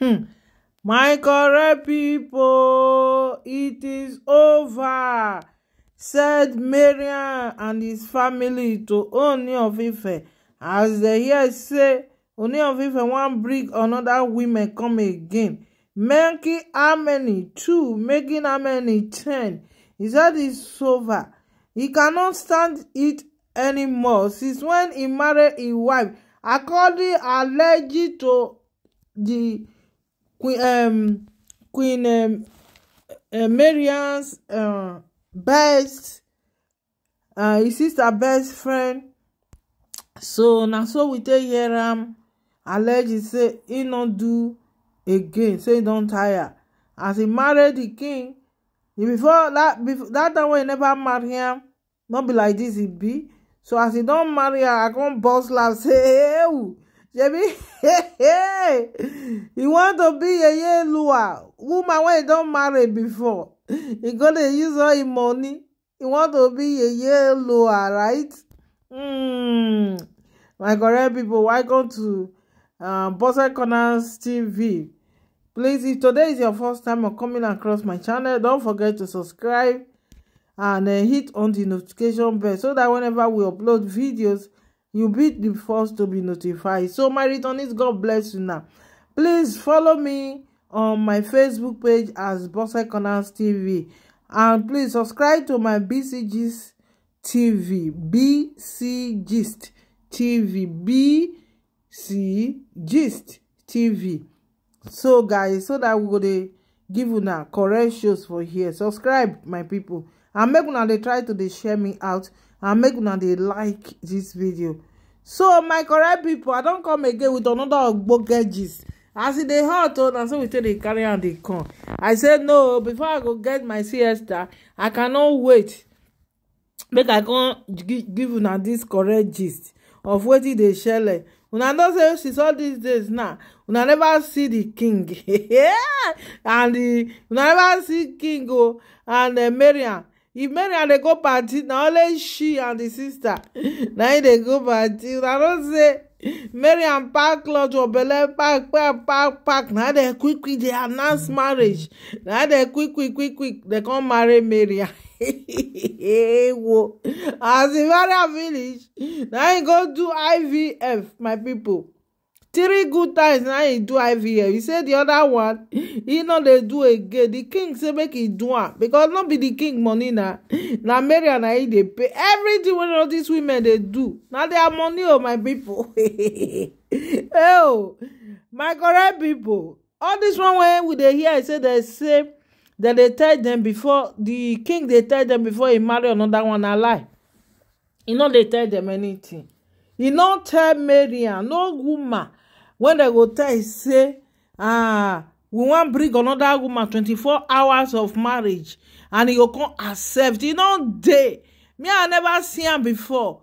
um my correct people, it is over said Marian and his family to oni of ife as dem hear say oni of ife wan bring anoda women come again making harmony two making harmony ten he said it's over he cannot stand it anymore since when he married im wife according alleged to the. Queen um, Queen um, uh, Marian's uh, best uh, his sister best friend so na so we tell hear am say he not do again say e don tire as he married the king before that before that time wey e never marry am no be like this, he be so as he don't marry her, i come boss laugh say ewu oh. Jebi, shebi you want to be a lua woman when wey don't marry before e gonna use all im money e want to be a lua right mm. my correct people, welcome to uh, Bossa corners tv please if today is your first time of coming across my channel don't forget to subscribe and uh, hit on the notification bell so that whenever we upload videos you be the first to be notified so my returnees god bless you now please follow me on my facebook page as Bose Corners TV and please subscribe to my BC Gist TV BC TV BC TV so guys so that we go dey give una correct shows for here subscribe my people and make una they try to dey share me out and make una they like this video so my correct people, i don't come again with another ogbonge gist as e dey hot on, oh, and so we take dey carry and they come i said no before i go get my siesta i cannot wait make i can give una this correct gist of what did wetin e dey shele una don't say since all these days now una never see the king yeah, and di una never see king o oh, and eh, marian if mary dey go party na only she and the sister na im dey go party una know say mary and pack clutch for belle pack pack pack pack na dem quick quick dey announce marriage na dem quick quick quick quick dem come marry mary wo as e marry am finish na im go do ivf my people three good times na he do ivf He say the other one He no dey do again The king say make he do am because no be the king money na na Maria and na e dey pay everything wey all these women dey do na dia money o oh, my pipo oh my correct People, all this one wey we dey hear say dem say dem dey tell dem before the king dey tell dem before he marry another one na lie He no dey tell dem anything. He no tell Maria no woman When dem go tell say ah we wan bring another woman 24 hours of marriage and e go accept You know, day me i never seen am before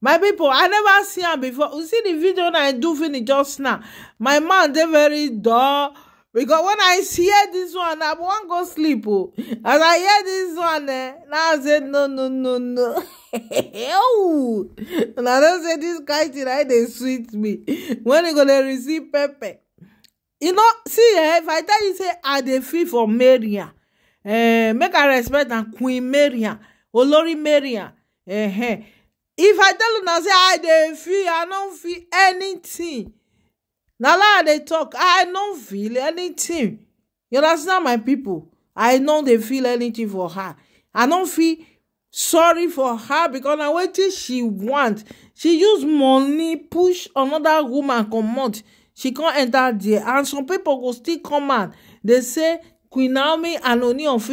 my people. i never seen am before you see the video na i do finish just now my man They very dull because when i hear this one i wan go sleep Oh, as i hear this one eh now i say no no no no oh and i don't say this guy tonight they sweet me When you gonna receive pepper you know see eh if i tell you say i dey feel for maria eh make a respect and queen maria oh olori maria eh, eh if i tell you now say i dey feel i don't feel anything na lie i dey talk ah, i no feel anything you understand my people. i no dey feel anything for her i no feel sorry for her becos na wetin she want she use money push another woman comot she come enter there and some people go still come out dey say queen naomi and oni of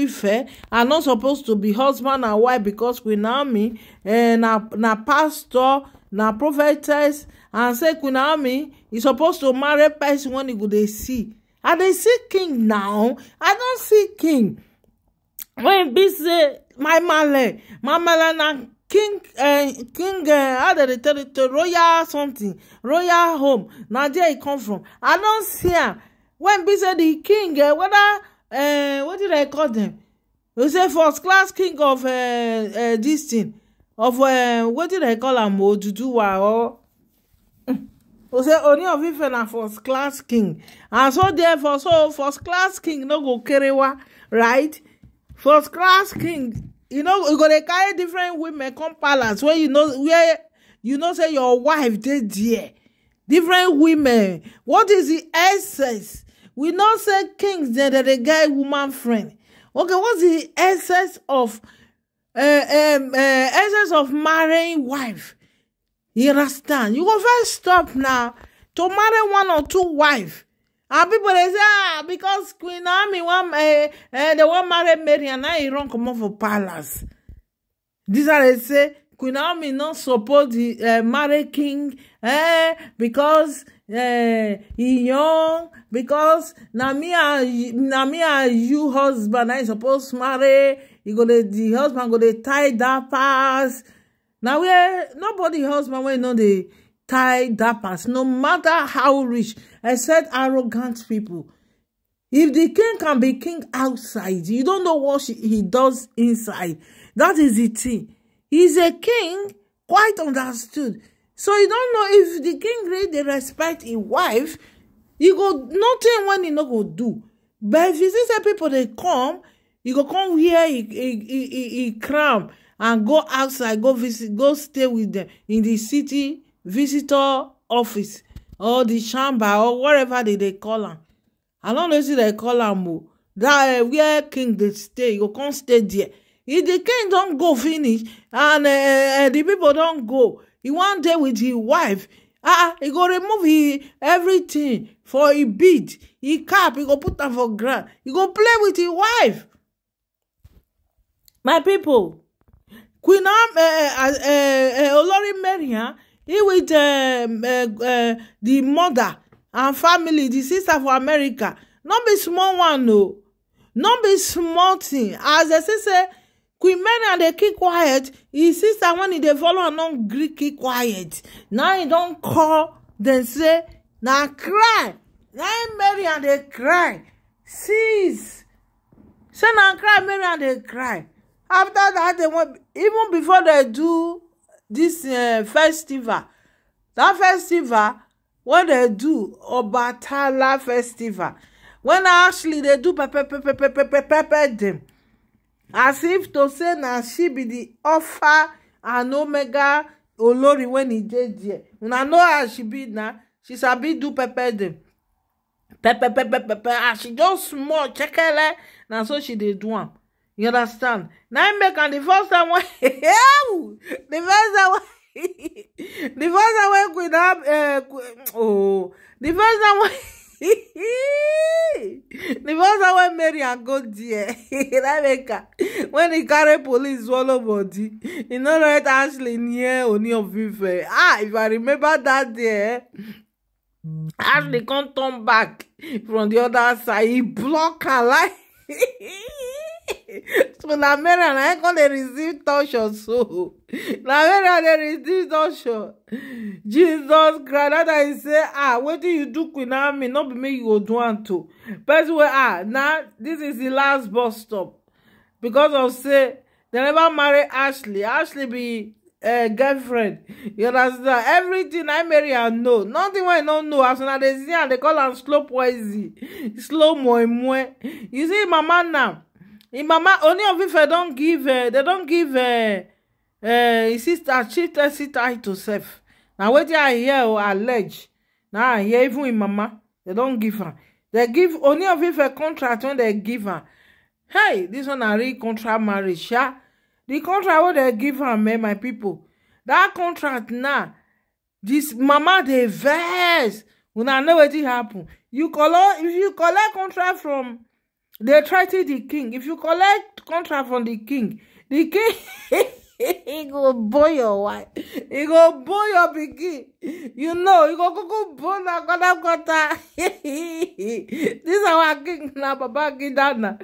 are not supposed to be husband and wife because queen naomi eh, na pastor na prophetess and say queen naomi e suppose to marry person when e go dey see i dey see king now i don see king When be say my male my male na king eh, king eh, how dem dey tell it to royal something royal home na there e come from i don see am wen be say di king eh, whether uh, what did i call dem You say first class king of uh, uh, dis thing of uh, what did i call am oduduwa or go say only of if na first class king and so therefore so first class king no go kerewa right first class king you know you go dey carry different women come palace where you know where you know say your wife did there different women what is the essence we know say kings that the guy woman friend okay what's the essence of uh, um, uh, essence of marrying wife you understand you go first stop now. to marry one or two wife and people they say ah because queen naomi wan eh, eh, they wan marry mary and now e run comot for palace dis are they say queen naomi no suppose eh, marry king eh because eh he young because na me and you husband na you suppose marry the husband go dey tie that pass Now where nobody husband wey no they tie dappers no matter how rich except arrogant people if the king can be king outside you don't know what she, he does inside that is the thing he's a king quite understood so you don't know if the king really respect his wife you go nothing when he not go do but if you see some people they come you go come wear you cram. and go outside go visit go stay with them in the city visitor office or the chamber or whatever they dey call am i don't know if they call am o that uh, where king dey stay you go come stay there if the king don go finish and uh, uh, the people don go he wan dey with him wife ah, ah he go remove he everything for he bead he cap he go put am for ground he go play with him wife my people Queen Am uh, uh, uh, Olori Mariam he with um, uh, uh, the mother and family the sister for America no be small one o no be small thing as dem say say Queen Mariam dey keep quiet im sister wen e dey follow am no gree keep quiet Now im don call dem say na cry na im Mariam dey cry sis say na cry Mariam dey cry after that they wan even before they do this uh, festival that festival wey they do obatala festival when actually they do pepper pepper pepper pepper pepper dem as if to say na she be the offer and omega olori when e dey there una know how she be na she sabi do pepper dem pepper pepper pepper as she just small chekele na so she dey do am You understand? Now make and the first time when the first time when the first time when Queen Ab uh, oh the first time when the first time when Mary and go there that make her when he carry police swallow body he no right Ashley near Ooni of Ife ah if I remember that day Ashley can't turn back from the other side he block her like gospel lamera na im come dey receive torture so lamera dey receive torture jesus christ that time he say ah wetin you do queen army no be me you go do am to person wey ah na this is the last bus stop because of say dem never marry ashley ashley be uh, girlfriend you understand everything i marry am know nothing wey i no know as una dey see am dey call am slow poison slow moimoi you see mama now im mama only of ife don't give eh, they don't give uh, his sister chief to self. Now what wetin i hear or allege Now i hear even in mama they don't give her. They give only of a contract wey dem give her. hey this one na real contract marriage sha di contract wey dem give her, eh my people. That contract na this mama they verse. vex una know what wetin happen you collect if you collect contract from They threaten the king. If you collect contract from the king, the king he go burn your wife. He go burn your pikin. You know, he go go go burn na kwata kwata. This our king na Baba Gidana.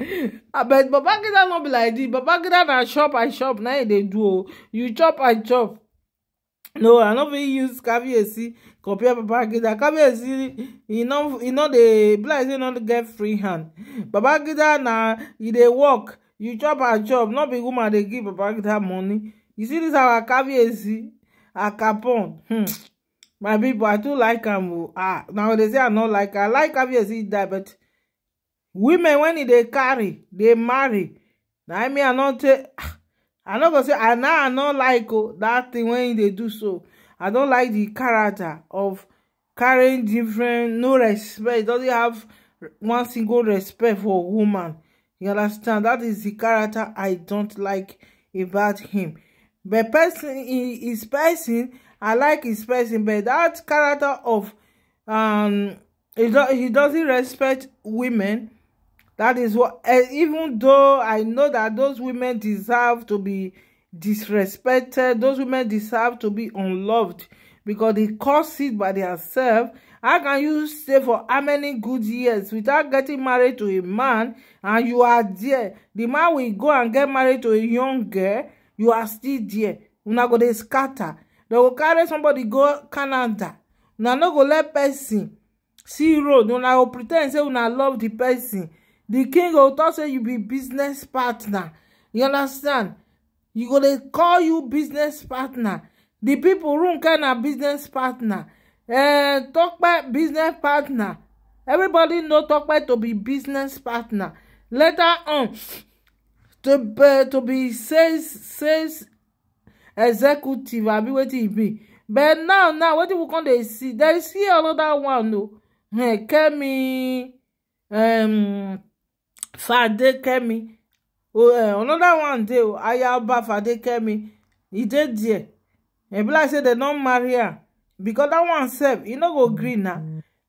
Ah, but Baba Gidana not be like this. Baba Gidana chop and chop. Now they do. Oh. You chop and chop. No, I no fit use caviar see. Copy compare babangida kabiyesi e no e no dey be like say e no get free hand babangida na e they work you chop a chop Not be woman they give babangida money you see this dis our kabiyesi akapon hmm. my people i too like him. Oh. ah now they say i no like i like kabiyesi that. but women when they carry they marry Now i mean i no take ah, i no go say i ah, now i no like oh, that thing when they do so I don't like the character of carrying different no respect doesn't have one single respect for woman you understand that is the character I don't like about him but person his person I like his person but that character of um he, do, he doesn't respect women that is what eh, even though I know that those women deserve to be disrespected. Those women deserve to be unloved because they caused it by themselves. How can you stay for how many good years without getting married to a man and you are there? The man will go and get married to a young girl. You are still there. Una go dey scatter. They go carry somebody go Canada. Una no go let person see road. Una go pretend say una love the person. The king will talk say you be business partner. You understand? you go dey call you business partner di pipo runke na business partner eh tope business partner everybody know tope to be business partner later on to to be sales sales executive abi wetin e be but now now wetin we come dey see there is here another one o oh. eh, kemi um fade kemi oh another one dey ayaba fadekemi e dey there eh, e be like say dem don marry her because that one sef e no go gree na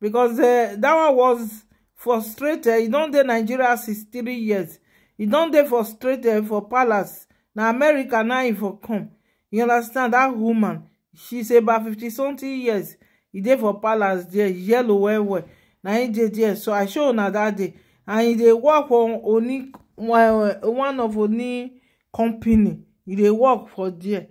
because eh, that one was frustrated e don dey nigeria 63 years e don dey frustrated for palace na america na im for come you understand that woman She she's about fifty something years e dey for palace there yellow well well na im dey there so i show una dat day and e dey work for on one of only company e dey work for there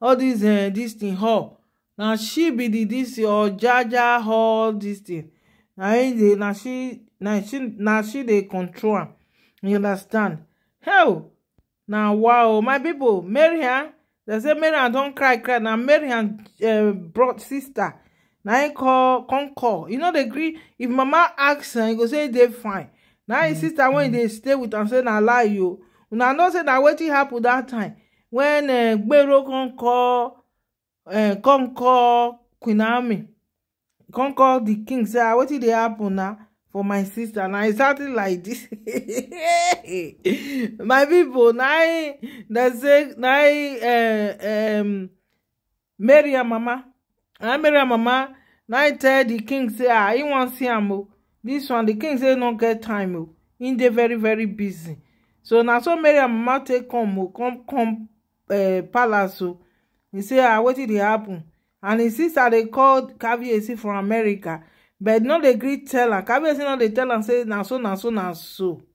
all dis uh, dis thing hall oh, na she be the dis Jaja hall this thing na he dey na she na she na she dey control am you understand hell na wow my people. marian dem say marian don cry cry na marian eh, brought sister na he call come call You no dey gree if mama ask am he go say e dey fine na im sister wen e dey stay with am say na lie o oh. una know say na wetin happen dat time wen eh, gbero come call eh, come call queen army come call di king say ah wetin dey happen na for my sister na exactly like dis my pipo na im dem say na im eh, marry and mama na marry and mama na im tell di king say ah im wan see am o oh. This one the king say no get time Oh, im dey very very busy so na so mary mama take come o oh, come come eh, palace o oh. he say ah wetin dey happen and his sister dey call caviarcy from america but no dey gree tell am caviarcy no dey tell am say na so na so na so